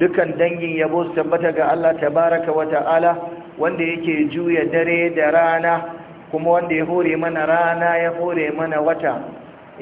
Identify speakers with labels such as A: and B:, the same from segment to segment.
A: dukan dangin yabo su tabbata ga Allah tabaraka wa ta'ala wanda yake juya dare da rana kuma wanda ya hore mana rana ya hore mana wata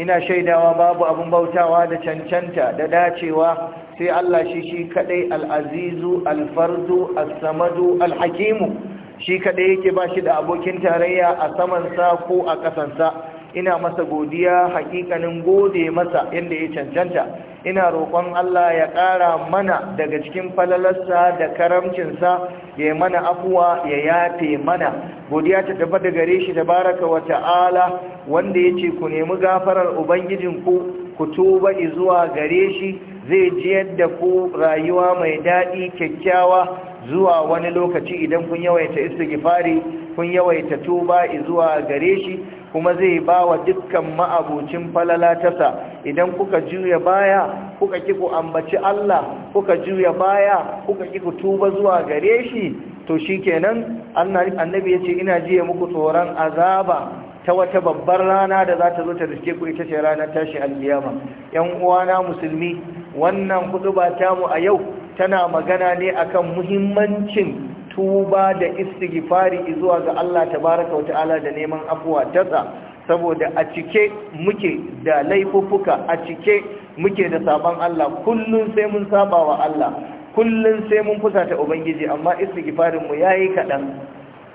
A: ina shaidawa babu abun bautawa da cancanta da dacewa sai Allah shi shi kadai al-azizu al-fardu as-samadu al-hakimu shi kadai yake ba shi da abokin tarayya a saman sa ko a kasansa ina masa godiya hakikanin gode masa yadda ya cancanta ina roƙon Allah ya ƙara mana daga cikin falalarsa da karamcinsa ya yi mana afuwa ya yafe mana godiya ta tafi da gare shi baraka wa ta'ala wanda ya ce ku nemi gafarar ubangijinku ku tuba zuwa gare shi zai jiyar da ku rayuwa mai daɗi kyakkyawa zuwa wani lokaci idan kun yawaita istighfari kun yawaita tuba zuwa gare shi kuma zai ba wa dukkan ma'abocin falala tasa idan kuka juya baya kuka ki ku ambaci Allah kuka juya baya kuka ki ku tuba zuwa gare shi to shi kenan annabi yace ina jiya muku tsoron azaba ta wata babbar rana da za ta zo ta riske ku ita ce ranar tashi alkiyama yan uwana musulmi wannan kutuba ta mu a yau tana magana ne akan muhimmancin tuba da istighfari zuwa ga Allah tabaraka wa ta'ala da neman afuwa tatsa saboda a cike muke da laifuffuka a cike muke da saban Allah kullun sai mun saba wa Allah kullun sai mun fusata ubangiji amma istighfarin mu yayi kadan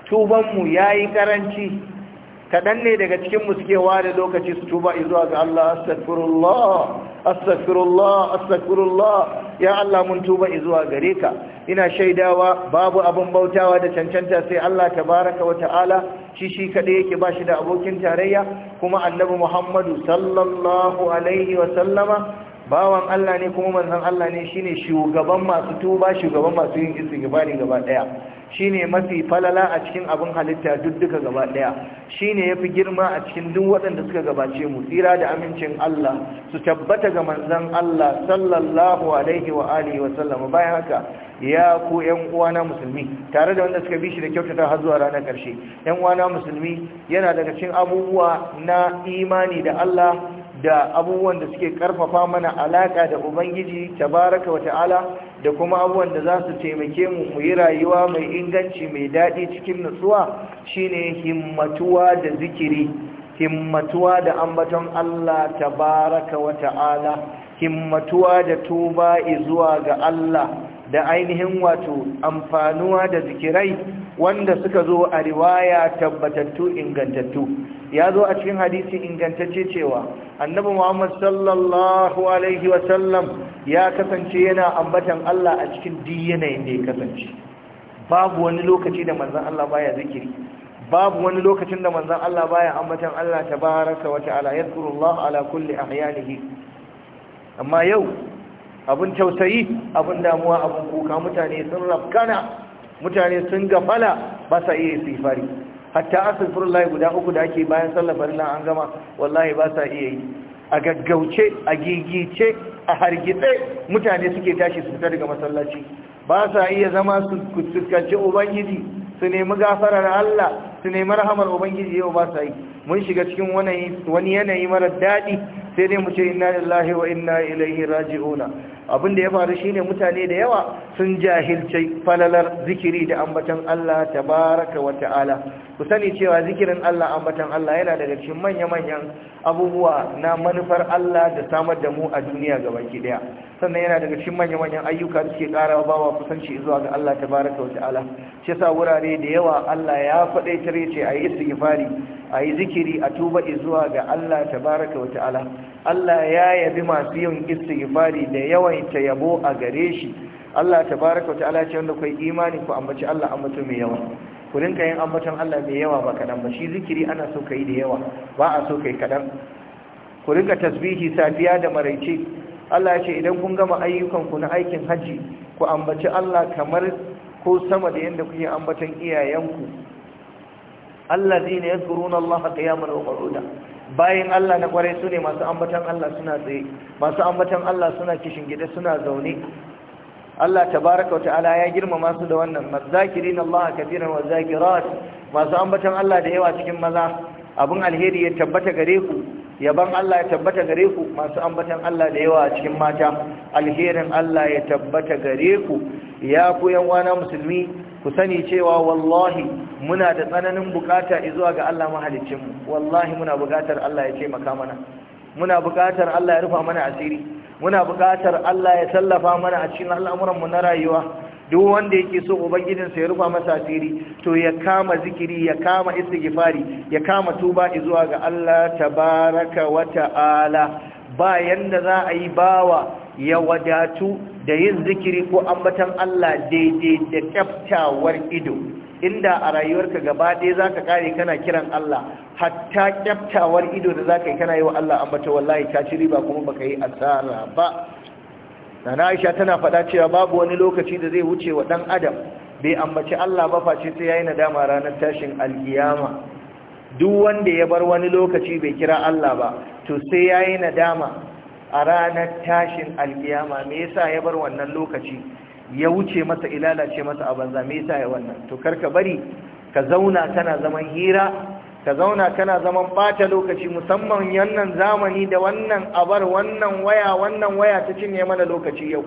A: tuban mu yayi karanci kadan ne daga cikin mu suke ware lokaci su tuba zuwa ga Allah astaghfirullah astaghfirullah astaghfirullah ya Allah mun tuba zuwa gare ka ina shaidawa babu abin bautawa da cancanta sai Allah tabaraka wa ta'ala shi shi kaɗai yake ba shi da abokin tarayya kuma annabi Muhammadu sallallahu alaihi wa sallama bawan Allah ne kuma Manzan Allah ne shine shugaban masu tuba shugaban masu yin istighfari gaba daya shine mafi falala a cikin abin halitta duk duka gaba daya shine yafi girma a cikin duk waɗanda suka gabace mu tsira da amincin Allah su tabbata ga Manzan Allah sallallahu alaihi wa alihi wa sallam bayan haka ya ku ƴan uwana musulmi tare da wanda suka bi shi da kyautata har zuwa ranar ƙarshe ƴan uwana musulmi yana daga cikin abubuwa na imani da Allah da abubuwan da suke karfafa mana alaka da ubangiji tabaraka wa ta'ala da kuma abubuwan da za su taimake mu mu yi rayuwa mai inganci mai daɗi cikin nutsuwa shine himmatuwa da zikiri himmatuwa da ambaton Allah tabaraka wa ta'ala himmatuwa da tuba zuwa ga Allah da ainihin wato amfanuwa da zikirai wanda suka zo a riwaya tabbatattu ingantattu ya zo a cikin hadisi ingantacce cewa annabi Muhammad sallallahu alaihi wasallam ya kasance yana ambatan Allah a cikin duk yanayin da ya kasance babu wani lokaci da manzon Allah baya zikiri babu wani lokacin da manzon Allah baya ambatan Allah tabaraka wa ta'ala yadhkurullah ala kulli ahyanihi amma yau abun tausayi abun damuwa abun kuka mutane sun rafkana mutane sun gafala ba sa iya sifari hatta layi guda uku da ake bayan sallar farilla an gama wallahi ba sa iya yi a gaggauce a gigice a hargitse mutane suke tashi su fita daga masallaci ba sa iya zama su fuskanci ubangiji su nemi gafarar Allah su nemi rahamar ubangiji yau ba su yi mun shiga cikin wani yanayi mara daɗi sai dai mu ce inna lillahi wa inna ilaihi raji'una abin da ya faru shine mutane da yawa sun jahilce falalar zikiri da ambatan Allah tabaraka wa ta'ala ku sani cewa zikirin Allah ambatan Allah yana daga cikin manya-manyan abubuwa na manufar Allah da samar da mu a duniya ki daya sannan yana daga cikin manya-manyan ayyuka da suke ƙara wa kusanci zuwa ga Allah tabaraka wa ta'ala shi yasa wurare da yawa Allah ya faɗe tare ce ayi istighfari ayi zikiri a tuba zuwa ga Allah tabaraka wa ta'ala Allah ya yabi masu yin istighfari da yawaita yabo a gare shi Allah tabaraka wa ta'ala ce wanda kai imani ku ambaci Allah ambato mai yawa ku rinka yin ambaton Allah mai yawa ba kadan ba shi zikiri ana so kai da yawa ba a so kai kadan ku rinka tasbihi safiya da maraice Allah ya ce idan kun gama ayyukanku na aikin hajji ku ambaci Allah kamar ko sama da yadda kuke ambatan iyayenku Allah ne yadhkuruna Allah qiyaman wa qu'uda bayan Allah na su sune masu ambatan Allah suna tsaye masu ambatan Allah suna kishin gida suna zaune Allah tabaaraka wa ta'ala ya girmama su da wannan mazakirin Allah kafiran wa zakirat masu ambatan Allah da yawa cikin maza abun alheri ya tabbata gare ku yaban Allah ya tabbata gare ku masu ambatan Allah da yawa a cikin mata alherin Allah ya tabbata gare ku ya ku yan musulmi ku sani cewa wallahi muna da tsananin bukata zuwa ga Allah mahaliccin mu wallahi muna bukatar Allah ya taimaka mana muna bukatar Allah ya rufa mana asiri muna bukatar Allah ya tallafa mana a cikin al'amuran mu na rayuwa duk wanda yake so ubangijinsa ya rufa masa asiri to ya kama zikiri ya kama istighfari ya kama tuba zuwa ga Allah tabaraka wa ta'ala ba yanda za a yi bawa ya wadatu da yin zikiri ko ambatan Allah daidai da kyaftawar ido inda a rayuwarka gaba ɗaya za ka kare kana kiran Allah hatta kyaftawar ido da za ka yi kana yi wa Allah ambata wallahi ta ci riba kuma baka yi asara ba nana aisha tana faɗa cewa babu wani lokaci da zai wuce wa ɗan adam bai ambaci Allah ba face sai yayi nadama ranar tashin alkiyama duk wanda ya bar wani lokaci bai kira Allah ba to sai yayi nadama a ranar tashin alkiyama me yasa ya bar wannan lokaci ya wuce masa ilalace masa a banza me yasa ya wannan to karka bari ka zauna tana zaman hira ka zauna kana zaman bata lokaci musamman yannan zamani da wannan abar wannan waya wannan waya ta cinye mana lokaci yau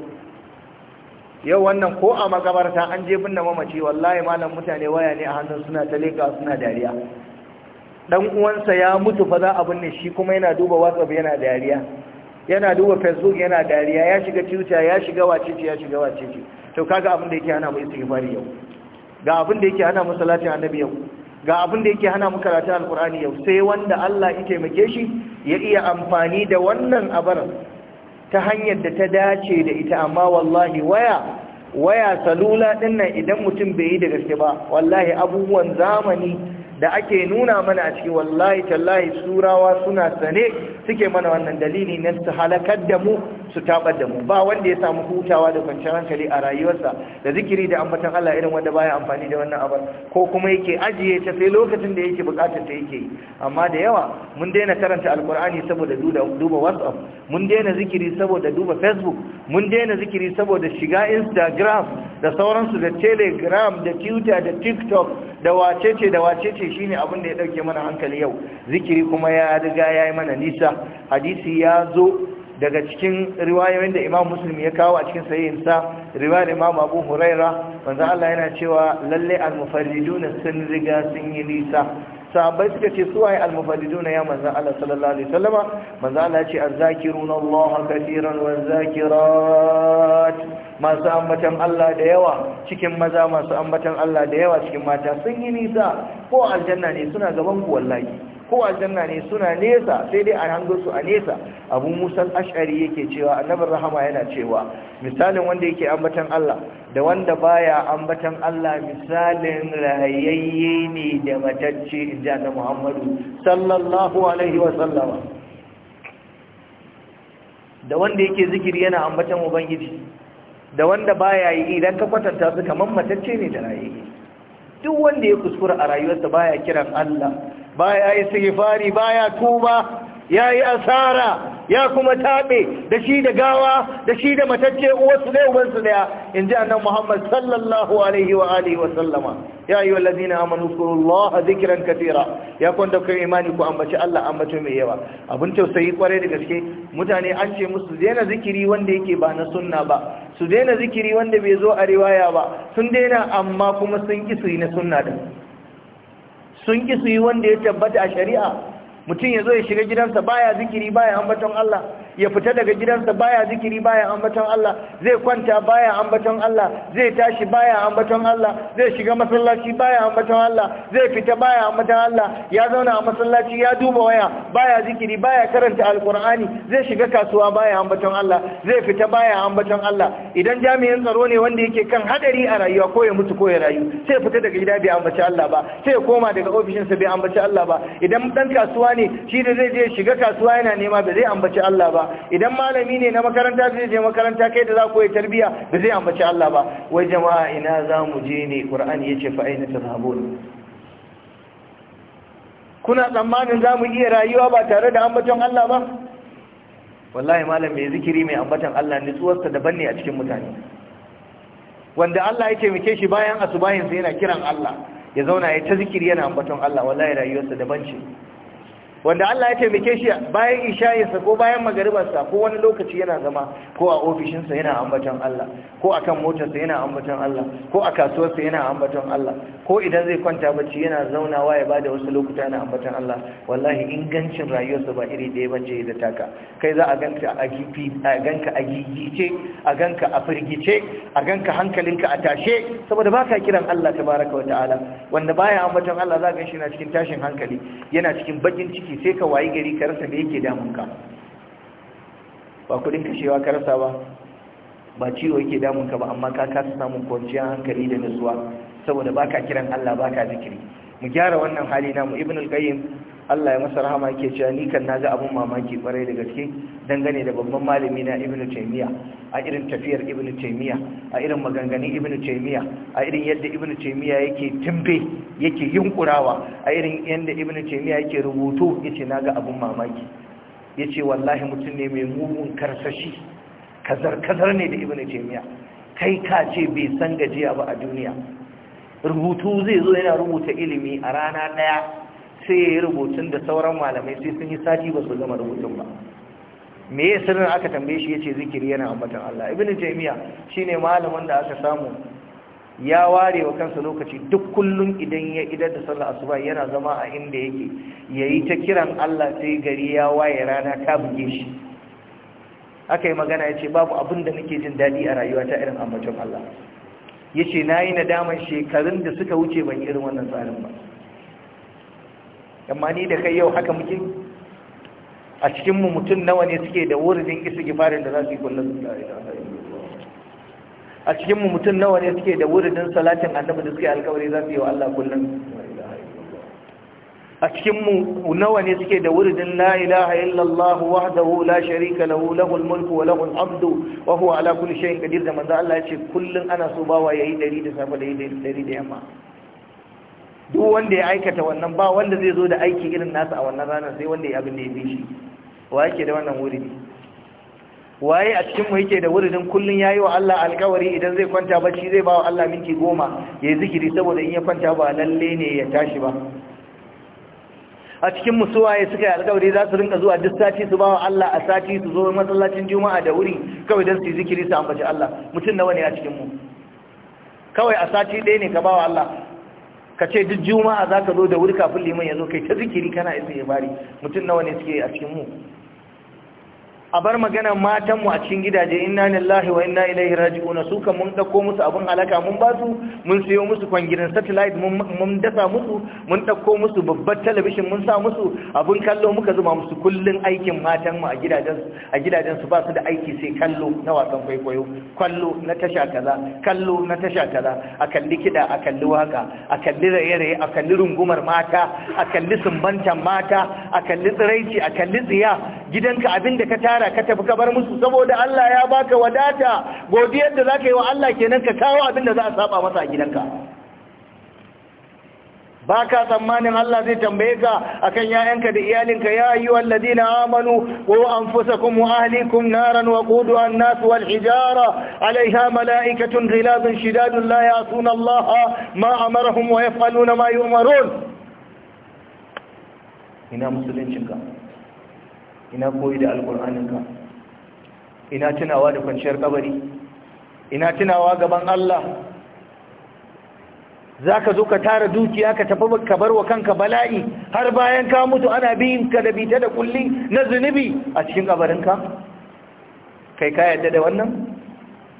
A: yau wannan ko a makabarta an je binne mamaci wallahi malam mutane waya ne a hannun suna ta leka suna dariya dan uwansa ya mutu fa za a binne shi kuma yana duba whatsapp yana dariya yana duba facebook yana dariya ya shiga twitter ya shiga wacece ya shiga wacece to kaga abin da yake hana mu istighfari yau ga abin da yake hana mu salatin annabi yau ga abin da yake hana mu karatu alkur'ani yau sai wanda Allah ya taimake shi ya iya amfani da wannan abar ta hanyar da ta dace da ita amma wallahi waya waya salula dinnan idan mutum bai yi da gaske ba wallahi abubuwan zamani da ake nuna mana a cikin wallahi tallahi surawa suna sane suke mana wannan dalili na su halakar da mu su tabar da mu ba wanda ya samu hutawa da kwanciyar hankali a rayuwarsa da zikiri da ambatan Allah irin wanda baya amfani da wannan abar ko kuma yake ajiye ta sai lokacin da yake bukatar ta yake amma da yawa mun daina karanta alkur'ani saboda duba whatsapp mun daina zikiri saboda duba facebook mun daina zikiri saboda shiga instagram da sauransu da telegram da twitter da tiktok da wacece da wacece shi ne abin da ya dauke mana hankali yau zikiri kuma ya riga ya yi mana nisa hadisi ya zo daga cikin riwayoyin da imam muslim ya kawo a cikin sayinsa riwayar imam abu huraira manzo Allah yana cewa lalle almufarriduna sun riga sun yi nisa sahabbai suka ce suwaye almufarriduna ya manzan Allah sallallahu alaihi wasallama manzan Allah ya ce az na Allah katiran waz-zakirat masu ambatan Allah da yawa cikin maza masu ambatan Allah da yawa cikin mata sun yi nisa ko aljanna ne suna gaban ku wallahi ko aljanna ne suna nesa sai dai a hango su a nesa abu musa ash'ari yake cewa annabin rahama yana cewa misalin wanda yake ambatan Allah da wanda baya ambatan Allah misalin rayayye ne da matacce inji annabi Muhammadu sallallahu alaihi wa sallama da wanda yake zikiri yana ambatan ubangiji da wanda ba ya yi idan ka kwatanta su kamar matacce ne da raye duk wanda ya kuskura a rayuwarsa ya kiran Allah baya ba ya tuba ya yi asara ya kuma taɓe da shi da gawa da shi da matacce uwarsu da ubansu daya in ji annan muhammad sallallahu alaihi wa alihi wa sallama ya yi wa lazina amanu surullah zikiran katira ya kwanda kai imani ku ambaci allah ambaci mai yawa Abun tausayi kwarai da gaske mutane an ce musu daina zikiri wanda yake ba na sunna ba su daina zikiri wanda bai zo a riwaya ba sun daina amma kuma sun ƙi su yi na sunna da sun ƙi yi wanda ya tabbata a shari'a mutum ya zo ya shiga gidansa baya zikiri baya ambaton Allah ya fita daga gidansa baya zikiri baya ambaton Allah zai kwanta baya ambaton Allah zai tashi baya ambaton Allah zai shiga masallaci baya ambaton Allah zai fita baya ambaton Allah ya zauna a masallaci ya duba waya baya zikiri baya karanta alkur'ani zai shiga kasuwa baya ambaton Allah zai fita baya ambaton Allah idan jami'in tsaro ne wanda yake kan hadari a rayuwa ko ya mutu ko ya rayu sai fita daga gida bai ambaci Allah ba sai ya koma daga ofishinsa bai ambaci Allah ba idan dan kasuwa ne shi da zai je shiga kasuwa yana nema ba zai ambaci Allah ba idan malami ne na makaranta zai je makaranta kai da za ku yi tarbiya ba zai ambaci Allah ba wai jama'a ina za mu je ne qur'ani yace fa aina tazhabun kuna tsammanin za mu iya rayuwa ba tare da ambaton Allah ba wallahi malam mai zikiri mai ambaton Allah nutsuwarsa daban ne a cikin mutane wanda Allah ya taimake shi bayan asubahin sai yana kiran Allah ya zauna ya ta zikiri yana ambaton Allah wallahi rayuwarsa daban ce wanda Allah ya taimake shi bayan ishayinsa ko bayan magaribarsa ko wani lokaci yana zama ko a ofishinsa yana ambaton Allah ko a kan motarsa yana ambaton Allah ko a kasuwarsa yana ambaton Allah ko idan zai kwanta bacci yana zaunawa ya bada wasu lokuta yana ambaton Allah wallahi ingancin rayuwarsa ba iri ɗaya bace da taka kai za a ganka a gifi a ganka a gigice a ganka a firgice a ganka hankalinka a tashe saboda baka kiran Allah tabaraka wa ta'ala wanda baya ambaton Allah za ka shi na cikin tashin hankali yana cikin bakin ciki mutunci sai ka wayi gari ka rasa da yake damun ka ba kudin kashewa ka ba ba ciwo yake damun ka ba amma ka kasa samun kwanciyar hankali da nutsuwa saboda baka kiran Allah baka zikiri mu gyara wannan hali namu ibn qayyim Allah ya masa rahama yake cewa ni kan naga abun mamaki kwarai da gaske dangane da babban malami na Ibn Taymiyyah a irin tafiyar Ibn Taymiyyah a irin maganganun Ibn Taymiyyah a irin yadda Ibn Taymiyyah yake tumbe yake yunkurawa a irin yadda Ibn Taymiyyah yake rubutu yace naga abun mamaki yace wallahi mutum ne mai mugun karsashi kazar kazar ne da Ibn Taymiyyah kai ka ce bai san gajiya ba a duniya rubutu zai zo yana rubuta ilimi a rana daya sai ya yi rubutun da sauran malamai sai sun yi sati ba su zama rubutun ba me ya sirrin aka tambaye shi ya ce zikiri yana ambatan Allah ibn shi ne malamin da aka samu ya ware wa kansa lokaci duk kullum idan ya idar da sallar asuba yana zama a inda yake yi ta kiran Allah sai gari ya waye rana ta buge shi aka yi magana ya ce babu abin da nake jin daɗi a rayuwa ta irin ambaton Allah ya ce na yi nadamar shekarun da suka wuce ban irin wannan tsarin ba amma ni da kai yau haka muke a cikinmu mutum nawa ne suke da wurin istighfarin da za su yi kullum a cikinmu mutum nawa ne suke da wurin salatin annabi da suke alkawari za su yi wa Allah kullum a cikinmu nawa ne suke da wurin la ilaha illallah wahdahu la sharika lahu lahul mulku wa lahul hamdu wa huwa ala kulli shay'in qadir da manzo Allah ya ce kullun ana so bawa yayi dari da safa da dari da yamma duk wanda ya aikata wannan ba wanda zai zo da aiki irin nasa a wannan ranar sai wanda ya abin da ya bi shi wa yake da wannan wuridi waye a cikin mu yake da wuridin kullun yayi wa Allah alƙawari idan zai kwanta bacci zai ba wa Allah minti goma ya yi zikiri saboda in ya kwanta ba lalle ne ya tashi ba a cikin mu su waye suka yi alƙawari za su rinka zuwa duk sati su ba wa Allah a sati su zo masallacin juma'a da wuri kawai dan su yi zikiri su ambaci Allah mutum nawa ne a cikin mu kawai a sati ɗaya ne ka ba wa Allah ka ce duk juma'a za ka zo da wuri kafin liman ya zo kai ta zikiri kana isa ya bari mutum nawa ne suke a cikin mu a bar maganar matanmu a cikin gidaje inna lillahi wa inna ilaihi raji'un su kan mun dauko musu abun alaka mun ba su mun siyo musu kwangirin satellite mun dasa musu mun dauko musu babbar talabishin mun sa musu abun kallo muka zuba musu kullun aikin matanmu a gidajen a gidajen su ba su da aiki sai kallo na wasan kwaikwayo kallo na tasha kaza kallo na tasha kaza a kalli kida a kalli waka a kalli raye-raye a kalli rungumar mata a kalli sumbantan mata a kalli tsiraici a kalli tsiya gidanka abinda ka tara ka tafi ka bar musu saboda Allah ya baka wadata godiyar da zaka yi wa Allah kenan ka kawo abinda za a saba masa a gidanka ba ka tsammanin Allah zai tambaye ka akan yayanka da iyalinka ya yi walladina amanu wa anfusakum wa ahlikum naran wa quduha an-nas wal hijara alaiha malaikatun ghilazun shidadun la ya'suna Allah ma amarahum wa yaf'aluna ma yu'marun ina ina koyi da alƙur'aninka ina tunawa da kwanciyar kabari ina tunawa gaban Allah za ka zo ka tara dukiya ka tafi ka bar wa kanka bala'i har bayan ka mutu ana biyin ka da bita da kulli na zunubi a cikin kabarinka kai ka yadda da wannan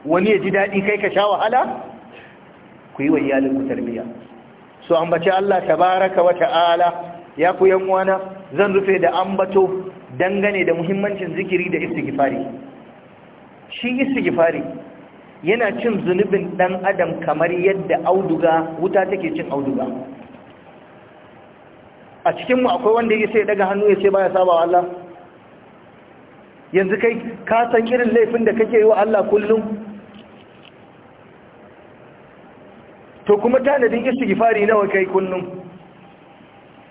A: wani ya ji daɗi kai ka sha wahala ku yi wa iyalin ku tarbiyya su ambaci Allah tabaraka wa ta'ala ya ku yan uwana zan rufe da ambato dangane da muhimmancin zikiri da istighfari shi istighfari yana cin zunubin dan adam kamar yadda auduga wuta take cin auduga a cikinmu akwai wanda ya sai daga hannu ya ce baya saba wa Allah yanzu kai ka san irin laifin da kake yi wa Allah kullum to kuma tanadin istighfari nawa kai kullum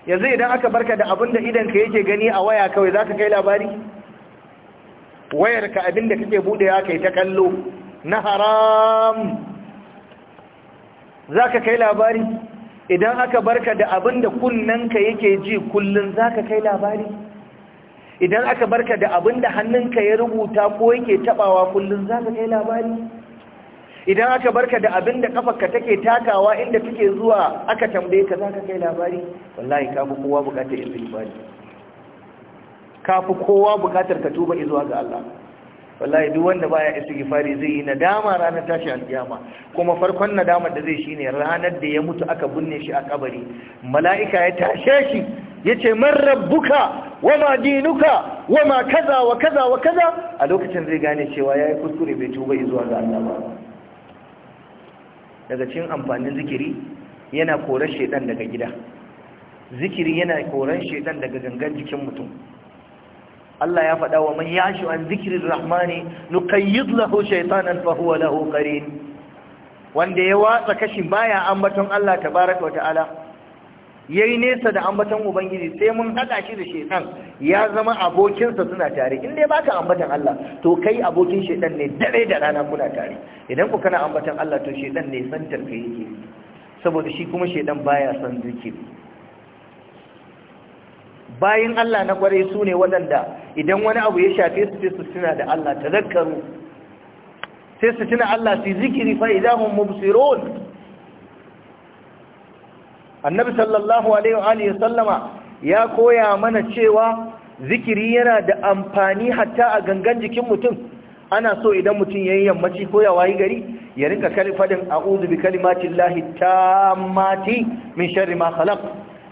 A: yanzu idan aka barka da abin da idanka yake gani a waya kawai za ka kai labari wayarka abin da kake ya kai ta kallo na haram za ka kai labari idan aka barka da abin da kunnanka yake ji kullum za ka kai labari idan aka barka da abin da hannunka ya rubuta ko yake tabawa kullum za ka kai labari idan aka barka da abin da kafarka take takawa inda take zuwa aka tambaye ka zaka kai labari wallahi ka kowa bukatar istighfari kafi kowa bukatar ka tuba zuwa ga Allah wallahi duk wanda baya istighfari zai yi nadama ranar tashi alkiyama kuma farkon nadamar da zai shine ranar da ya mutu aka binne shi a kabari mala'ika ya tashe shi yace man rabbuka wama dinuka wama kaza wa kaza wa kaza a lokacin zai gane cewa yayi kuskure bai tuba zuwa ga Allah ba daga cikin amfanin zikiri yana korar shedan daga gida zikiri yana koran shaidan daga gangan jikin mutum Allah ya faɗa wa man yashu an zikirin rahmani nuqayyid lahu shaytanan fa lahu qarin wanda ya watsa kashin baya ambaton Allah tabaaraka wa ta'ala yi nesa da Ambatan ubangiji sai mun haɗa shi da shedan ya zama abokinsa suna tare in dai baka ambatan Allah to kai abokin shedan ne dare da rana kuna tare idan ku kana ambatan Allah to shedan ne san tarka yake saboda shi kuma shedan baya son duki bayin Allah na kwarai su ne waɗanda idan wani abu ya shafe su sai su tuna da Allah tazakkaru sai su tuna Allah su zikiri fa idahum mubsirun annabi sallallahu alaihi wa sallama ya koya mana cewa zikiri yana da amfani hatta a gangan jikin mutum ana so idan mutum yayin yammaci ko ya wayi gari ya rinka fadin a'udhu bi kalimatin lahi tammati min sharri ma khalaq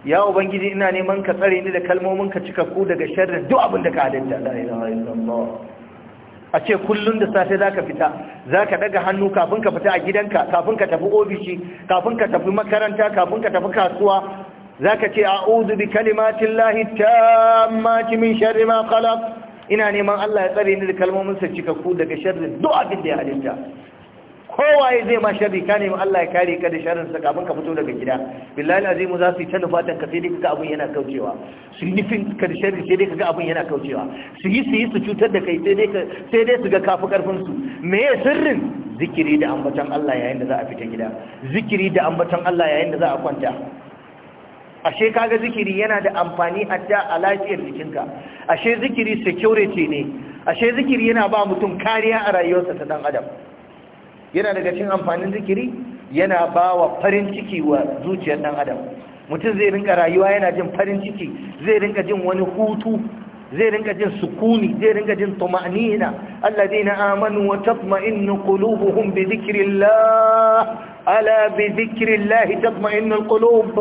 A: ya ubangiji ina neman ka tsare ni da kalmomin ka cika ku daga sharrin duk abin da ka halitta la ilaha illallah a ce kullum da safe za ka fita za ka daga hannu kafin ka fita a gidanka kafin ka tafi ofishi kafin ka tafi makaranta kafin ka tafi kasuwa za ka ce a'udhu bi kalimatin lahi tammati min sharri ma khalaq ina neman Allah ya tsare ni da kalmomin sa cikakku daga sharrin duk abin da ya halitta kowaye zai ma sharri ka nemi Allah ya kare ka da sharrin sa kafin ka fito daga gida billahi azimu za su yi ta ka sai dai kaga abun yana kaucewa su yi nufin ka da sharri sai dai kaga abun yana kaucewa su yi su yi su cutar da kai sai dai sai dai su ga kafi karfin su me ya sirrin zikiri da ambaton Allah yayin da za a fita gida zikiri da ambaton Allah yayin da za a kwanta ashe kaga zikiri yana da amfani a ta a lafiyar jikinka ashe zikiri security ne ashe zikiri yana ba mutum kariya a rayuwarsa ta dan adam yana daga cin amfanin zikiri yana ba wa farin ciki wa zuciyar ɗan adam mutum zai rinka rayuwa yana jin farin ciki zai rinka jin wani hutu zai rinka jin sukuni zai rinka jin tuma'nina alladina amanu wa tatma'innu qulubuhum bi dhikrillah ala bi dhikrillah tatma'innu alqulub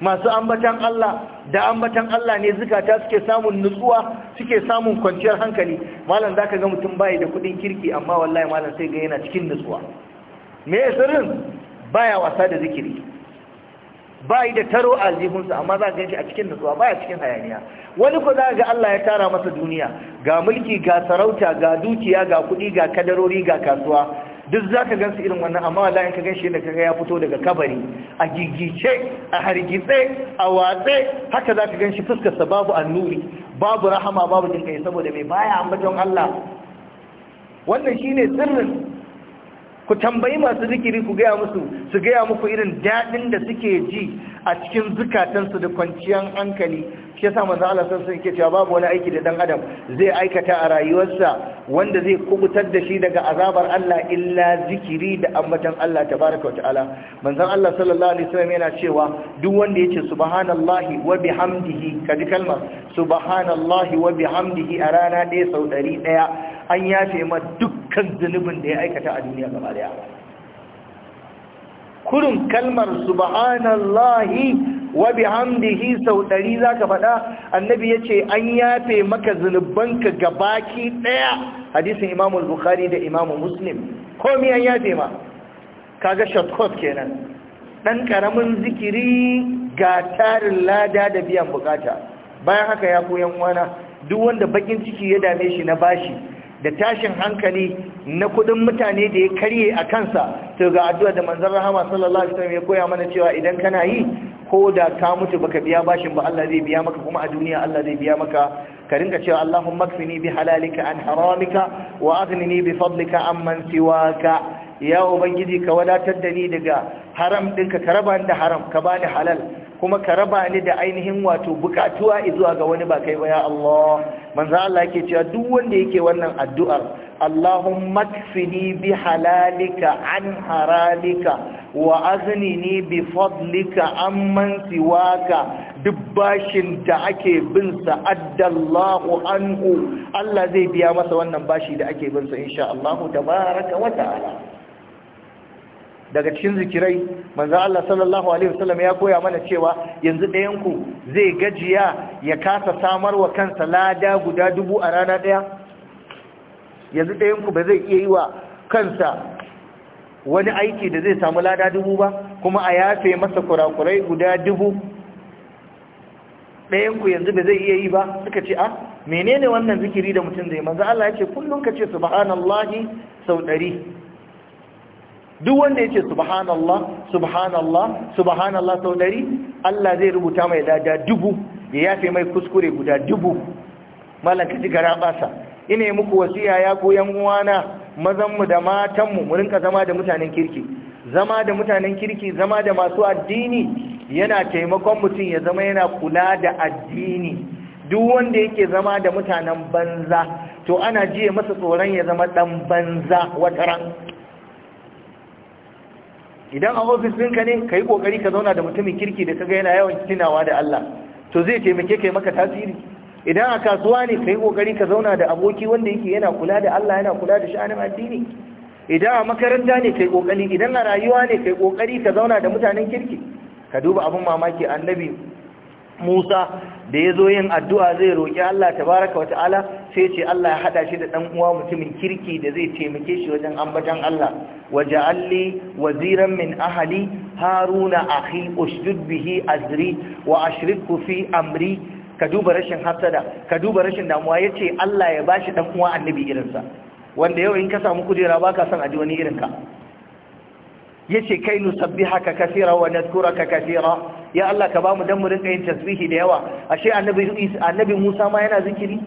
A: masu ambatan Allah da ambatan Allah ne zukata suke samun nutsuwa suke samun kwanciyar hankali malam zaka ga mutum bai da kudin kirki amma wallahi malam sai ga yana cikin nutsuwa me sirrin baya wasa da zikiri bai da taro a sa amma za ka a cikin nutsuwa baya cikin hayaniya wani ko za ga Allah ya tara masa duniya ga mulki ga sarauta ga dukiya ga kuɗi ga kadarori ga kasuwa duk za ka gansu irin wannan amma wallahi ka ganshi da kaga ya fito daga kabari a gigice a hargitse a watse haka za ka ganshi fuskarsa babu annuri babu rahama babu jinkai saboda mai baya ambaton Allah wannan shine sirrin ku tambayi masu zikiri ku gaya musu su gaya muku irin daɗin da suke ji a cikin zukatansu da kwanciyar hankali shi yasa manzo Allah sun sun cewa babu wani aiki da dan adam zai aikata a rayuwarsa wanda zai kubutar da shi daga azabar Allah illa zikiri da ambatan Allah tabaraka manzo Allah sallallahu alaihi wasallam yana cewa duk wanda ce subhanallahi wa bihamdihi kaji kalmar subhanallahi wa bihamdihi a rana ɗaya sau ɗari ɗaya an yafe ma dukkan zunubin da ya aikata a duniya gaba daya kurin kalmar subhanallahi wa bihamdihi sau ɗari zaka faɗa annabi yace an yafe maka zunubanka gabaki daya hadisin Imam bukhari da Imam Muslim komai an yafe ma kaga shortcut kenan dan karamin zikiri ga tarin lada da biyan bukata bayan haka ya koyan wana duk wanda bakin ciki ya dame shi na bashi da tashin hankali na kudin mutane da ya karye a kansa to ga addu'a da manzon rahama sallallahu alaihi ya koya mana cewa idan kana yi ko da ka mutu baka biya bashin ba Allah zai biya maka kuma a duniya Allah zai biya maka ka rinka cewa Allahumma kfini bi halalika an haramika wa aghnini bi fadlika amman siwaka ya ubangiji ka wadatar da ni daga haram ɗinka ka raba da haram ka bani halal kuma ka raba ni da ainihin wato bukatuwa zuwa ga wani ba kai ba ya Allah manzo Allah yake cewa duk wanda yake wannan addu'ar Allahumma kfini bi halalika an haralika wa aghnini bi fadlika amman siwaka duk bashin da ake bin sa addallahu anhu Allah zai biya masa wannan bashi da ake bin sa insha Allah tabaraka wa ta'ala daga cikin zikirai manzo Allah sallallahu Alaihi wasallam ya koya mana cewa yanzu dayanku zai gajiya ya kasa samarwa wa kansa lada guda dubu a rana daya? yanzu dayanku ba zai iya yi wa kansa wani aiki da zai samu lada dubu ba kuma a yafe masa kurakurai guda dubu dayanku yanzu ba zai iya yi ba suka ce a menene wannan zikiri da mutum zai manzo Allah ya ce kullum ka ce subhanallahi sau ɗari duk wanda yake subhanallah subhanallah subhanallah sau dari Allah zai rubuta mai lada dubu ya yafe mai kuskure guda dubu malam ka ji gara basa ina yi muku wasiya ya goyon uwana mazanmu da matanmu mu rinka zama da mutanen kirki zama da mutanen kirki zama da masu addini yana taimakon mutum ya zama yana kula da addini duk wanda yake zama da mutanen banza to ana jiye masa tsoron ya zama dan banza wata idan a ofis ɗinka ne ka yi ƙoƙari ka zauna da mutumin kirki da ka ga yana yawan tunawa da Allah to zai taimake yi maka tasiri idan a kasuwa ne ka yi ƙoƙari ka zauna da aboki wanda yake yana kula da Allah yana kula da sha'anin addini idan a makaranta ne ka yi ƙoƙari idan a rayuwa ne ka yi ƙoƙari ka zauna da mutanen kirki ka duba abin mamaki annabi Musa da ya zo yin addu'a zai roƙi Allah ta baraka wa ta'ala sai ce Allah ya haɗa shi da ɗan uwa mutumin kirki da zai taimake shi wajen ambatan Allah waje alli waziran min ahali haruna ahi ushdud bihi azri wa ashirku fi amri ka duba rashin hafsada, ka duba rashin damuwa ya ce Allah ya ba shi ɗan uwa annabi irinsa wanda yau in ka samu kujera ba ka son a ji wani irinka yace kai nusabbihaka kaseera wa nadhkuraka kaseera ya Allah ka bamu dan mu rinka yin tasbihi da yawa ashe annabi annabi Musa ma yana zikiri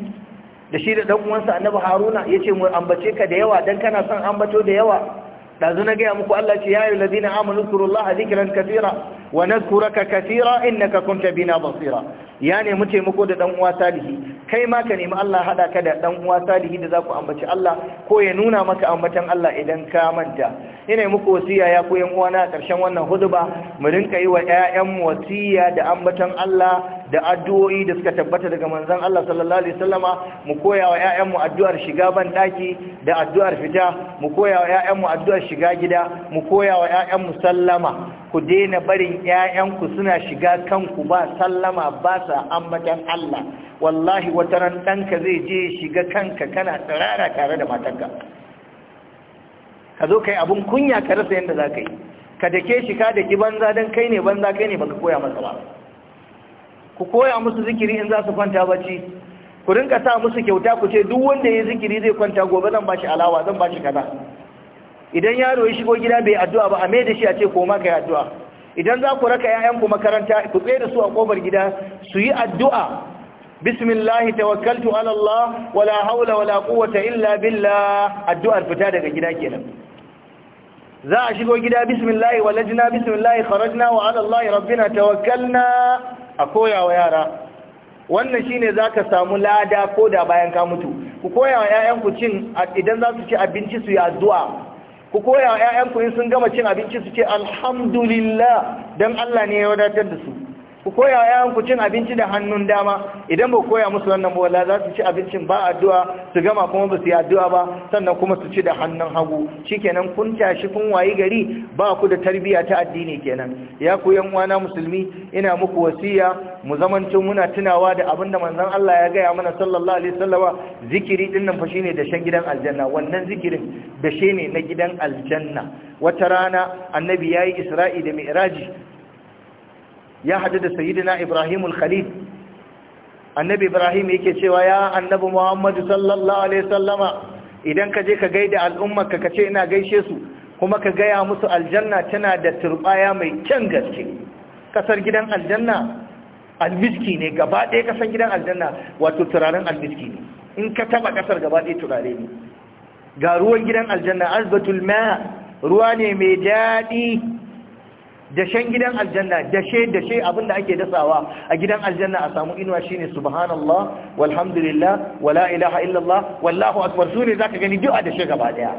A: da shi da dan uwansa annabi Haruna yace mu ambace ka da yawa dan kana son ambato da yawa Dazu na gaya muku Allah ce ya yi amanu surullah a zikiran kafira wa na suraka kafira inna ka kunta bina basira ya nemi taimako da ɗan uwa salihi kai ma ka nemi Allah haɗa ka da dan uwa salihi da za ku ambaci Allah ko ya nuna maka ambatan Allah idan ka manta ina muku wasiya ya ku yan uwana a karshen wannan huduba mu rinka yi wa 'ya'yan wasiya da ambatan Allah da addu'o'i da suka tabbata daga manzon Allah sallallahu alaihi wasallama mu koya wa ƴaƴanmu addu'ar shiga ban daki da addu'ar fita mu koya wa ƴaƴanmu addu'ar shiga gida mu koya wa ƴaƴanmu sallama ku daina barin ƴaƴanku suna shiga kanku ba sallama ba sa ambatan Allah wallahi wata ran danka zai je shiga kanka kana tsirara tare da matarka ka zo kai abun kunya ka rasa yanda za ka yi ka dake shi ka daki banza dan kai ne banza kai ne baka koya masa ba ku koya musu zikiri in za su kwanta bacci ku rinka sa musu kyauta ku ce duk wanda ya zikiri zai kwanta gobe zan bashi alawa zan bashi kaza idan yaro ya shigo gida bai addu'a ba a mai da shi a ce koma kai addu'a idan za ku raka 'ya'yanku makaranta ku tsaye da su a kofar gida su yi addu'a bismillah tawakkaltu ala Allah wala haula wala quwwata illa billah addu'ar fita daga gida kenan za a shigo gida bismillah walajna bismillah kharajna wa ala Allah rabbina tawakkalna a koya wa yara wannan shine zaka samu lada ko da bayan ka mutu ku koya wa ƴaƴanku cin idan za su ci abinci su yi addu'a ku koya wa ƴaƴanku in sun gama cin abinci su ce alhamdulillah dan Allah ne ya wadatar da su ku koya yayan cin abinci da hannun dama idan ba koya musu wannan ba wallahi za su ci abincin ba addu'a su gama kuma ba su yi addu'a ba sannan kuma su ci da hannun hagu shikenan kun tashi kun wayi gari ba ku da tarbiyya ta addini kenan ya ku yan uwana musulmi ina muku wasiya mu zamanto muna tunawa da abinda manzon Allah ya gaya mana sallallahu alaihi wasallama zikiri din nan fa shine da shan gidan aljanna wannan zikirin da shine na gidan aljanna wata rana annabi yayi isra'i da mi'raji ya hadu da sayyidina Ibrahim al annabi Ibrahim yake cewa ya annabi Muhammad sallallahu alaihi sallama idan ka je ka gaida al'ummar ka kace ina gaishe su kuma ka gaya musu aljanna tana da turbaya mai kyan gaske kasar gidan aljanna almiski ne gaba ɗaya kasar gidan aljanna wato turaren almiski ne in ka taba kasar gaba ɗaya turare ne ga ruwan gidan aljanna azbatul ma ruwa ne mai daɗi dashen gidan aljanna dashe dashe abinda ake dasawa a gidan aljanna a samu inuwa shine subhanallah walhamdulillah wala ilaha illallah wallahu akbar sune zaka gani duk a dashe gaba daya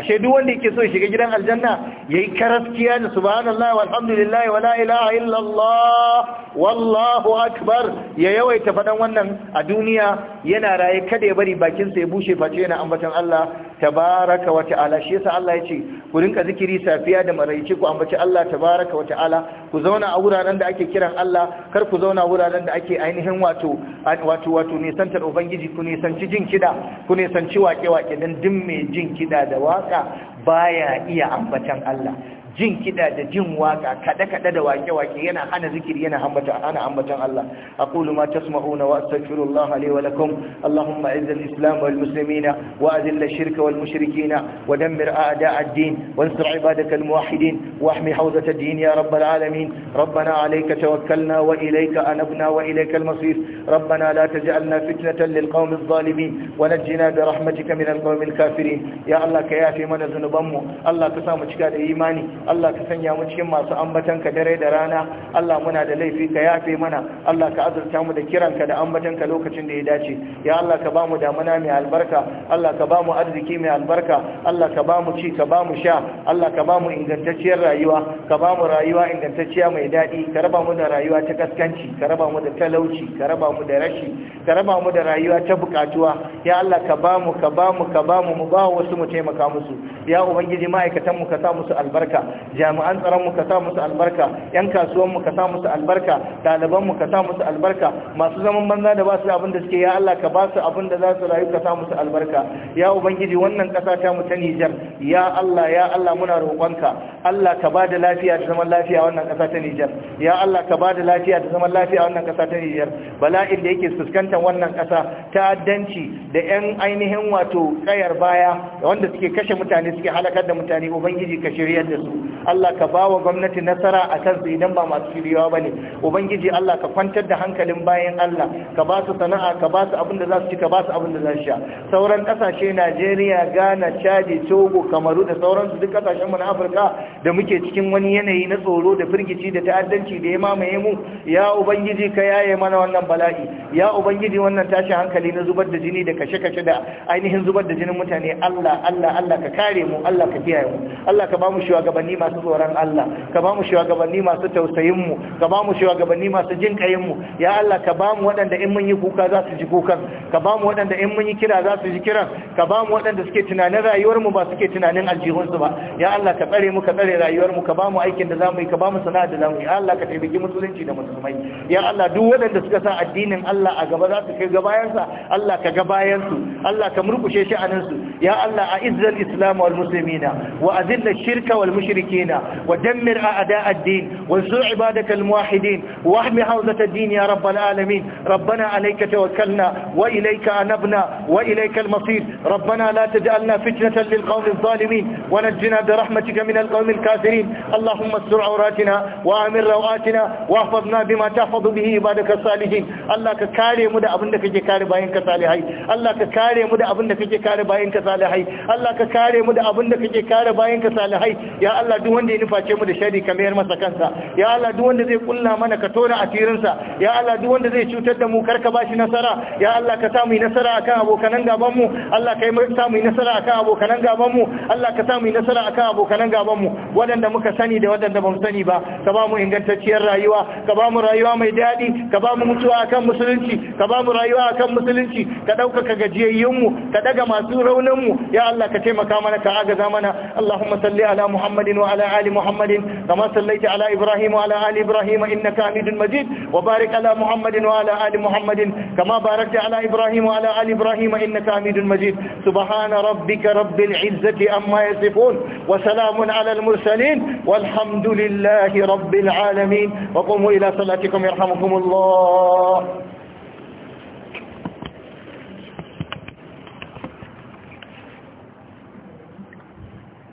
A: ashe duk wanda yake so ya shiga gidan aljanna yayi karaskiya da subhanallahi walhamdulillahi wala ilaha illallah wallahu akbar ya yawaita fadan wannan a duniya yana raye kada ya bari bakin sa ya bushe face yana ambaton Allah tabaraka wa ta'ala shi yasa Allah yace ku rinka zikiri safiya da maraice ku ambaci Allah tabaraka wa ta'ala ku zauna a wuraren da ake kiran Allah kar ku zauna wuraren da ake ainihin wato wato wato nisantar ubangiji ku nisanci jin kida ku nisanci wake wake dan din mai jin kida da wa bawansa baya iya ambatan Allah jin kiɗa da jin waka kaɗe-kaɗe da wake-wake yana hana zikiri yana hana ambatan Allah aqulu ma tasma'una wa astaghfirullah li wa lakum allahumma izz islam wal muslimina wa adhill shirka wal mushrikina wa dammir a'da' ad-din wa ansur ibadaka al-muwahhidin wa ahmi hawzat ad-din ya rabb al-alamin rabbana alayka tawakkalna wa ilayka anabna wa ilayka al-masir rabbana la taj'alna fitnatan lil-qawmi adh-dhalimin wa najjina bi rahmatika min al al-kafirin ya Allah ka yafi mana zunubanmu Allah ka samu cika da imani Allah ka sanya mu cikin masu ambatanka ka dare da rana Allah muna da laifi ka yafe mana Allah ka azurta mu da kiranka da ambatanka lokacin da ya dace ya Allah ka bamu damuna mai albarka Allah ka bamu arziki mai albarka Allah ka bamu ci ka bamu sha Allah ka bamu ingantacciyar rayuwa ka bamu rayuwa ingantacciya mai daɗi ka raba mu da rayuwa ta kaskanci ka raba mu da talauci ka raba mu da rashi ka raba mu da rayuwa ta bukatuwa ya Allah ka bamu ka bamu ka bamu mu ba wasu mu taimaka musu ya ubangiji ma'aikatan mu ka sa musu albarka jami'an tsaron mu ka sa musu albarka yan kasuwan mu ka sa musu albarka ɗaliban mu ka sa musu albarka masu zaman banza da ba su abin da suke ya Allah ka ba su abin da za su rayu ka sa musu albarka ya ubangiji wannan ƙasa ta mu ta Nijar ya Allah ya Allah muna roƙonka Allah ka ba da lafiya da zaman lafiya wannan ƙasa ta Nijar ya Allah ka ba da lafiya da zaman lafiya wannan ƙasa ta Nijar bala'in da yake fuskantar wannan ƙasa ta'addanci da 'yan ainihin wato tsayar baya wanda suke kashe mutane suke halakar da mutane ubangiji ka shiryar da su Allah ka bawa gwamnati nasara a kansu idan ba masu shiriyawa ba ne ubangiji Allah ka kwantar da hankalin bayan Allah ka ba su sana'a ka ba su abin da za su ci ka ba su abin da za su sha sauran kasashe Najeriya Ghana Chad Togo Kamaru da sauran su duk kasashen mu na Afirka da muke cikin wani yanayi na tsoro da firgici da ta'addanci da ya mamaye mu ya ubangiji ka yaye mana wannan bala'i ya ubangiji wannan tashin hankali na zubar da jini da kashe-kashe da ainihin zubar da jinin mutane Allah Allah Allah ka kare mu Allah ka kiyaye mu Allah ka ba mu shugabanni shugabanni masu tsoron Allah ka ba mu shugabanni masu tausayin mu ka ba mu shugabanni masu jin kayin mu ya Allah ka ba mu waɗanda in mun yi kuka za su ji kukan ka ba mu waɗanda in mun yi kira za su ji kiran ka ba mu waɗanda suke tunanin rayuwar mu ba suke tunanin aljihun su ba ya Allah ka tsare mu ka tsare rayuwar mu ka ba mu aikin da zamu yi ka ba mu sana'a da zamu yi ya Allah ka taimaki musulunci da musulmai ya Allah duk waɗanda suka sa addinin Allah a gaba za su kai gabayansa Allah ka su Allah ka murkushe sha'aninsu ya Allah a izzal islam wal muslimina wa azilla shirka wal mushrik. المشركين ودمر أعداء الدين وانصر عبادك الموحدين واحم حوزة الدين يا رب العالمين ربنا عليك توكلنا وإليك أنبنا وإليك المصير ربنا لا تجعلنا فتنة للقوم الظالمين ونجنا برحمتك من القوم الكافرين اللهم استر عوراتنا وآمن رواتنا واحفظنا بما تحفظ به عبادك الصالحين الله ككاري مدى أبنك جكاري باينك صالحي الله ككاري مدى أبنك جكاري باينك صالحي الله ككاري مدى أبنك جكاري باينك صالحي يا الله Allah duk wanda ya nuface mu da shari ka mayar masa kansa ya Allah duk wanda zai kulla mana ka tona asirinsa ya Allah duk wanda zai cutar da mu ka bashi nasara ya Allah ka samu nasara akan abokanan gaban mu Allah ka samu nasara akan abokanan gaban mu Allah ka samu nasara akan abokanan gaban mu wadanda muka sani da wadanda ba mu sani ba ka ba mu ingantacciyar rayuwa ka ba mu rayuwa mai daɗi ka ba mu mutuwa akan musulunci ka ba mu rayuwa akan musulunci ka ɗaukaka gajiyayyun mu ka daga masu raunin mu ya Allah ka taimaka mana ka agaza mana Allahumma salli ala Muhammad وعلى آل محمد كما صليت على إبراهيم وعلى آل إبراهيم إنك حميد مجيد وبارك على محمد وعلى آل محمد كما باركت على إبراهيم وعلى آل إبراهيم إنك حميد مجيد سبحان ربك رب العزة أما يصفون وسلام على المرسلين والحمد لله رب العالمين وقوموا إلى صلاتكم يرحمكم الله